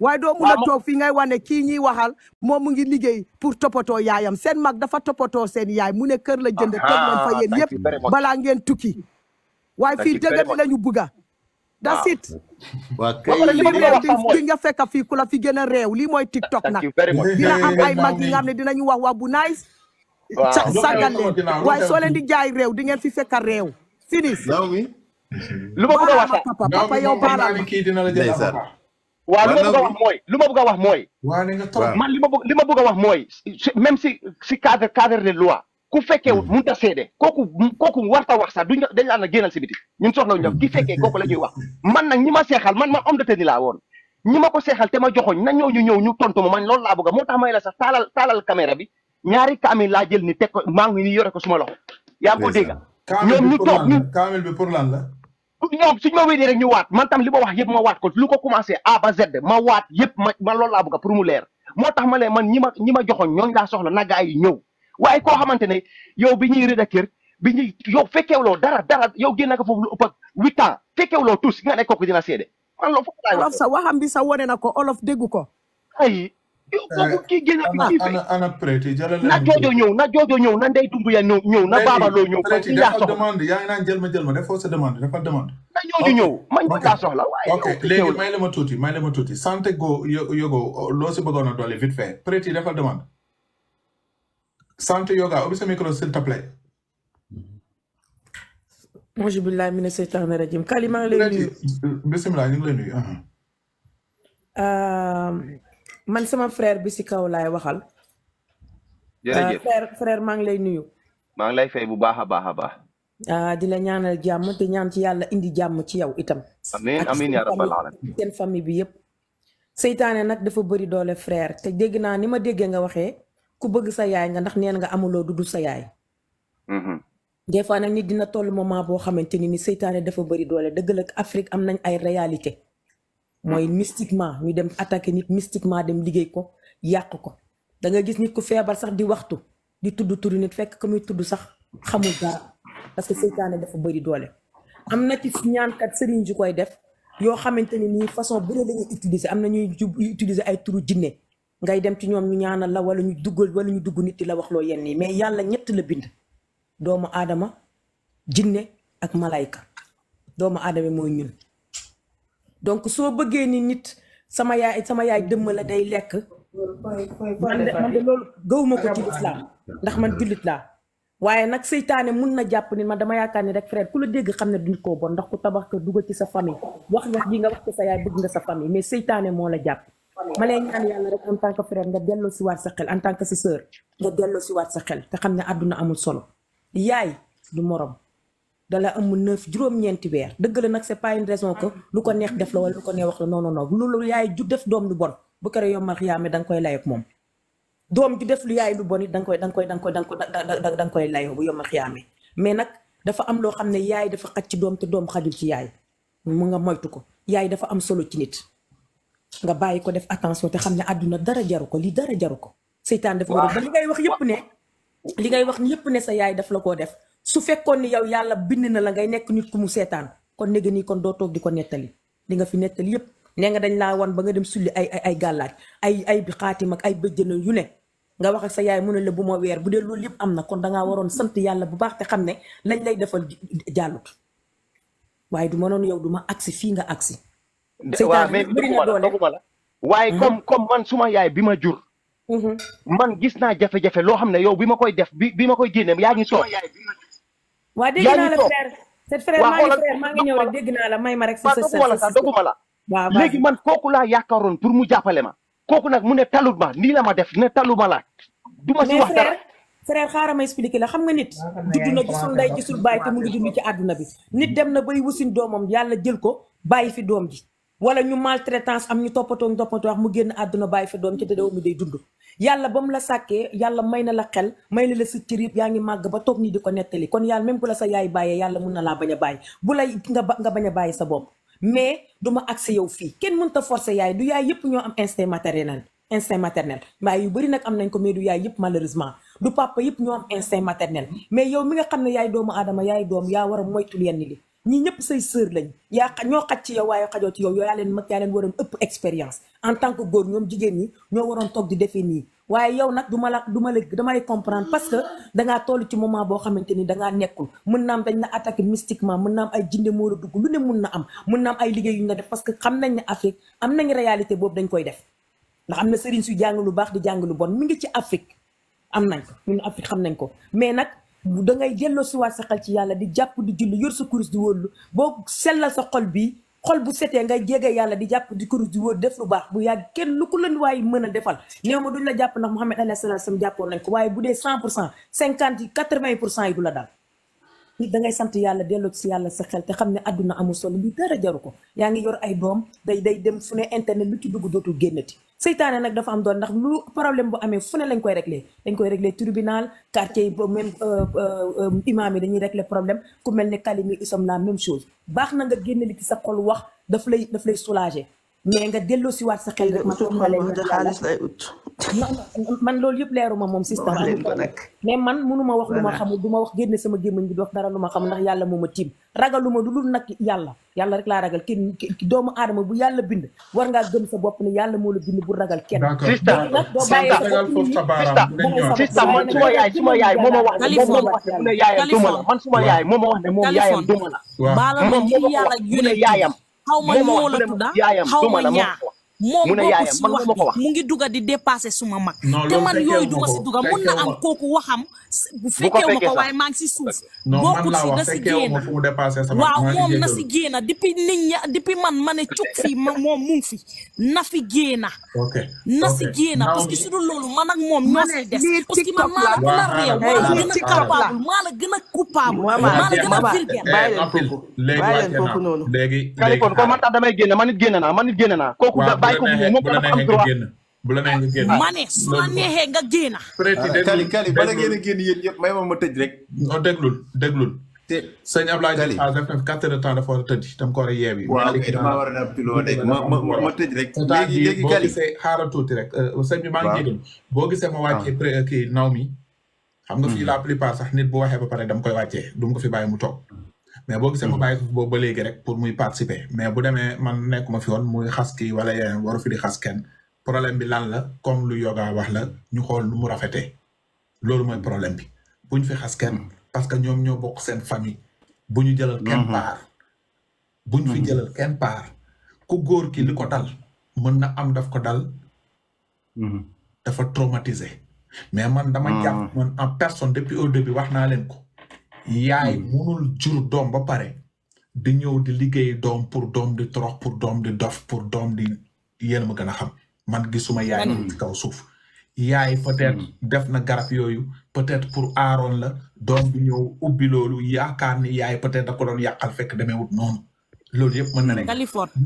waaye doo mun a toog fii ngay wane kii ñuy waxal moom mu ngi liggéey pour toppatoo yaayam seen mag dafa toppatoo seen yaay mu ne kër la jënd ah, toog leen fa yéen yëpp balaa ngeen tukki waaye fii dégg bi la ñu bugga that's it waa kay li nga fekk fii ku la fi gën a réew lii mooy TikTok nag dina am ay mag yi nga dinañu wax waa bu nice sàggal leen waaye soo di jaay réew di ngeen fi fekk a réew finis lu ma bëgg a wax papa papa yow baala ma waaw li ma bëgg a wax mooy lu ma bëgg a wax mooy man li ma bëgg a wax mooy même si si cadre cadre de ku fekkee wut hmm. mënut a seede kooku kooku warta wax sax du la dañ laa na génnal si biti ñun soxla wuñ la ki fekkee kooku la ñuy wax man nag ñi ma seexal man man om de tenue laa woon ñi ma ko seexal te ma joxoñ na ñëw ñu ñëw ñu tontu ma man lool laa moo tax may la sax taalal taalal caméra bi ñaari kaamil laa jël ni teg ko maa ngi nii yore ko suma loxo yaa ngi ko dégg ñoom ñu pour lan la ñoom suñu ma wédee rek ñu waat man tam li ma wax yëpp ma waat ko lu ko commencé A ba Z ma waat ma man loolu laa bëgg mu leer moo tax ma lee man ñi ma ñi ma joxoñ ñooñu laa soxla na gaa ñëw waaye koo xamante ne yow bi ñuy rédacteur bi ñuy yow fekkeewloo dara dara yow génn nga foofu lu ëpp ak huit ans fekkeewloo tous nga ne kooku dina seede. man loolu foofu laay wax sa waxam bi sa wane na ko olof déggu ko. ay yow kooku eh, kii génn kii fay ana ana prêté na joojo ñëw na joojo ñëw na ndey tumbu ya ñëw na loo ñëw. jël ma jël ma defoo sa demande dafa demande. na ñooñu ñëw man ñu laa soxla waaye. ok ma tuuti may ma tuuti santé go yogo loo si bëggoon a dolli vite fait prêté dafa sant yoga ubbi sa micro s'il te plaît. auzu rajiim Kali lay nuyu. bisimilah lay nuyu. sama frère bi si kaw laay waxal. jërëjëf euh, maa ngi lay nuyu. maa ngi lay fay bu baax a baax a baax. Euh, di la ñaanal jàmm te ñaan ci yàlla indi jàmm ci yow itam. amiin amiin yaa rabbal aalamiin seen famille bi yëpp. seytaane nag dafa bëri doole frère te dégg naa ni ma déggee nga waxee. ku bëgg sa yaay nga ndax neen nga amuloo du sa yaay. Mm-hmm. des fois nag nit dina toll moment boo xamanteni ni ni seytaane dafa bëri doole dëgg la Afrique am nañ ay réalité mooy mm-hmm. mystiquement ñu dem attaqué nit mystiquement dem liggéey ko yàq ko da nga gis nit ku feebar sax di waxtu di tudd turu nit fekk ko muy tudd sax xamul dara parce que seytaane dafa bëri doole. am na ci ñaankat sëriñ ji koy def yoo xamanteni ni façon bu la ñuy utiliser am na ñuy utiliser ay turu jinne ngay dem ci ñoom ñu ñaanal la wala ñu duggal wala ñu dugg nit di la waxloo loo yenn yi mais yàlla ñett la bind doomu aadama jinne ak malayka doomu aadama mooy ñun donc soo bëggee ni nit sama yaay sama yaay dëmm la day lekk man de loolu gëwuma ko ci lislaam ndax man jullit laa waaye nag seytaane mun na jàpp ni man dama yaakaar ni rek frère ku la dégg xam ne duñ koo bon ndax ku tabax ko dugal ci sa famille wax wax ji nga wax ko sa yaay bëgg nga sa famille mais seytaane moo la jàpp ma lay ñaan yàlla rek en tant que frère nga delloo si waat sa xel en tant que sa sœur nga delloo si waat sa xel te xam ne àdduna amul solo yaay du morom dala amul neuf juróom-ñeenti weer dëgg la nag c'est pas une raison que lu ko neex def la wala lu ko neex wax la non non non loolu yaay ju def doom lu bon bu kere yombal xiyaame da koy layoog moom doom ju def lu yaay lu bon it da nga koy da nga koy da nga koy da nga koy layoo bu yombal xiyaame mais nag dafa am loo xam ne yaay dafa xaj ci doom te doom xajul ci yaay mu nga moytu ko yaay dafa am solo ci nit nga bàyyi ko def attention te xam ne àdduna dara jaru ko lii dara jaru ko. seytaan def ba li ngay wax yëpp ne. li ngay wax yëpp ne sa yaay daf la koo def su fekkoon ni yow yàlla bind na la ngay nekk nit ku mu seetaan kon néega nii kon doo toog di ko nettali li nga fi nettali yëpp nee nga dañ laa wan ba nga dem sulli ay ay ay gàllaaj ay ay bi xaatim ak ay bëjjëna yu ne nga wax ak sa yaay mu ne la bu ma weer bu dee loolu yëpp am na kon dangaa waroon sant yàlla bu baax te xam ne lañ lay defal jàllut waaye du ma yow du ma agsi fii nga agsi waaw mais doguma la doguma la waaye mhm. comme comme man suma yaay bi ma jur mhm. man gis naa jafe-jafe loo xam ne yow bi ma koy def bi bi ma koy génne yaa ngi toog waa dégg naa la frère cette frère maa dégg naa la may ma rek sa doguma la sax doguma la waaw léegi man kooku laa yaakaaroon pour mu jàppale ma kooku nag mu ne talut ma nii la ma def ne talu ma la du ma si wax dara frère xaaral ma expliqué la xam nga nit judd na gisul ndey gisul bàyyi te mu ngi dund ci àdduna bi nit dem na bay wasin doomam yàlla jël ko bàyyi fi doom ji wala ñu maltraitance am ñu toppatoo toppatoo wax mu génn àdduna bàyyi fa doom ci dédéw mi day dund yàlla ba mu la sàkkee yàlla may na la xel may na la sa cër yëpp yaa ngi màgg ba toog nii di ko nettali kon yàlla même bu la sa yaay bàyyee yàlla mun na laa bañ a bàyyi bu lay nga nga a bàyyi sa bopp mais du ma accès yow fii kenn mënut ta forcer yaay du yaay yëpp ñoo am instinct maternel instinct maternel waaye yu bëri nag am nañ ko mais du yaay yëpp malheureusement du papa yëpp ñoo am instinct maternel mais yow mi nga xam ne yaay doomu aadama yaay doom yaa war a moytul yenn li ñi ñëpp say sœur lañ yaa ñoo xaj ci yow waaye xajoo ci yow yow yaa leen mag yaa leen waroon ëpp expérience en tant que góor ñoom jigéen ñi ñoo waroon toog di defee nii waaye yow nag du ma la du ma la dama lay comprendre parce que dangaa toll ci moment boo xamante ni dangaa nekkul mën na am dañ la attaqué mystiquement mën na am ay jinde moo la dugg lu ne mun na am mun na am ay liggéey yu ñu la def parce que xam nañ ne Afrique am nañ réalité boobu dañ koy def ndax am na sëriñ suy jàng lu baax di jàng lu bon mi ngi ci Afrique am nañ ko ñun Afrique xam nañ ko mais nag da ngay delloo si waat sa xel ci yàlla di jàpp di julli yor sa kurus di wóorlu boo sellal sa xol bi xol bu setee ngay jege yàlla di jàpp di kurus di wóor def lu baax bu yàgg kenn lu ko leen waaye mën a defal néew ma duñ la jàpp ndax Muhammad alayhi salaam jàppoon nañ ko waaye bu dee cent pour cent cinquante yi quatre-vingt pour cent yi du la daal nit dangay sant yàlla delloo si yàlla sa xel te xam ne àdduna amul solo bi dara jaru ko yaa ngi yor ay doom day day dem fu ne internet ci dugg dootul génnati seytaane nag dafa am doon ndax lu problème bu amee fu ne lañ koy réglé dañ koy réglé tribunal quartier yi ba même euh, euh, euh, imaam yi dañuy réglé problème ku mel ni kalimi isom la même chose baax na nga génne li ci sa xol wax daf lay daf lay soulager mais nga delloo si waat sa xel rek ma toog xale lay ut man loolu yëpp leeruma moom système mais man mënuma wax lu ma xamul du ma wax génne sama gémma bi di wax dara lu ma xamul ndax yàlla moo ma tiim ragaluma lu dul nag yàlla yàlla rek laa ragal kenn doomu aadama bu yàlla bind war ngaa gëm sa bopp ne yàlla moo la bind bu ragal kenn sista sista man suma yaay suma yaay moo a wax ne moom moo a wax ne mu ne yaayam duma la man suma yaay moo ma wax ne moom yaayam duma la baala ma li yàlla yaayam xaw la tudda moom boobu si wax bi mu ngi duga di dépassé suma mag te man yooyu duma si duga mun na am kooku waxam bu fekkeew ma ko waaye maa ngi si suuf bokkul si da si génna waaw moom na si génna depuis nit ñi depuis man ma ne cuk fii moom mu ngi na fi génna na si génna parce que su dul loolu man ak moom ñoo si des parce que man maa la gën a réew maa la gën a ah, capable maa la gën a coupable maa la gën a virgule eh, bàyyi leen eh, man tax damay génn man it génn naa man it génn naa kooku bàyyi ko moom moom dafa am droit bu génn ma ne su la neexee nga génn. kali kali bala ngeen a génn yéen yëpp may ma ma tëj rek. non déglul déglul. te sëñ Ablaye Diop à quatre de temps dafa war a tëdd tam ko war a yeewi. waaw damaa a ma tëj rek. boo gisee xaaral tuuti rek. Euh, ma wàccee pré kii naw mi. xam nga fii hmm. la plupart sax nit bu waxee ba pare dam koy wàccee du ma ko fi bàyyi mu toog. mais boo gisee ma mm. bàyyi ko boobu ba léegi rek pour muy participer mais bu demee man nekkuma fi woon muy xas wala yeneen waru fi di xas kenn problème bi lan la comme lu yoga wax la ñu xool lu mu rafetee loolu mooy problème bi buñ fi xas kenn parce que ñoom ñoo bokk seen famille bu ñu jëlal kenn mm-hmm. paar buñ fi mm-hmm. jëlal kenn paar ku góor ki li ko dal mën na am daf ko dal mm-hmm. dafa traumatisé mais man dama jàpp man en personne depuis au début wax naa leen ko yaay hmm. munul jur doom ba pare di ñëw di liggéey doom pour doom di torox pour doom di dof pour doom di yéen ma gën a xam man gisuma hmm. yaay hmm. ci kaw suuf yaay peut-être def na garab yooyu peut-être pour aaroon la doom bi ñëw ubbi loolu yaakaar ni yaay peut-être da ko doon yàqal fekk demeewut noonu loolu yëpp mën na nekk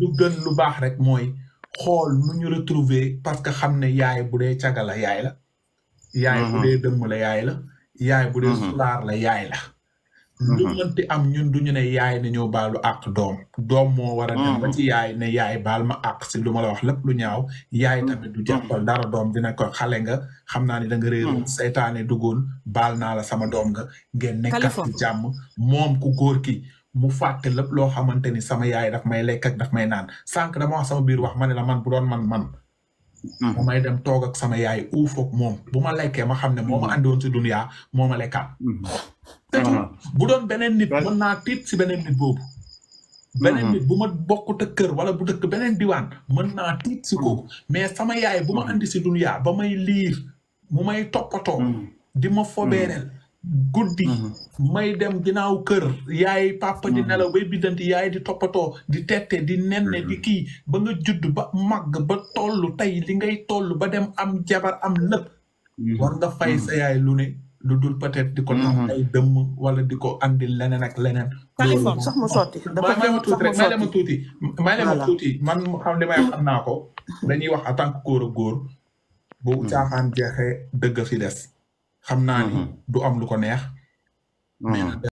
lu gën lu baax rek mooy xool nu ñu retrouver parce que xam ne yaay bu dee caga yaay la yaay bu dee dëmm la yaay la yaay bu dee sulaar la yaay la lu mm-hmm. mënti am ñun du duñu ne yaay ne ñëw baalu ak doom. doom moo war a dem ba ci mm-hmm. yaay ne yaay baal ma àq si lu ma la wax lépp lu ñaaw. yaay mm-hmm. tamit du jàppal dara doom dina ko xale nga xam naa ne da nga réeroon saytaane duggoon baal naa la sama doom nga. ngeen nekkat ci jàmm moom ku góor ki. mu fàtte lépp loo xamante ni sama yaay daf may lekk ak daf may naan sànq dama wax sama biir wax ma ne la man bu doon man man. Mm. may dem toog ak sama yaay uuf ak moom bu ma lekkee ma xam ne moo ma mm. àndoon si duniyaa moo ma lekkaat mm. bu doon beneen nit mën naa tiit si beneen nit boobu mm-hmm. beneen nit bu ma bokkut ak kër wala bu dëkk beneen diwaan mën naa tiit si kooku mais sama yaay bu ma andi si duniyaa ba may liir mu may toppatoo di ma fobeereel guddi mhm. may dem ginnaaw kër yaay papa di mhm. nelaw bay biddanti yaay di toppatoo di tette di nenne di mhm. kii ba nga judd ba màgg ba toll tey li ngay tollu ba dem am jabar am lépp war nga fay sa yaay lu ne lu dul peut di ko tax ay dëmm wala di ko andil leneen ak leneen Kaliphone sax mu sotti dafa may ma tuuti man xam li may xam naa ko dañuy wax a tant que góor a góor bu caaxaan jeexee dëgg fi des xam naa ni mhm. du am lu ko neex. Mhm.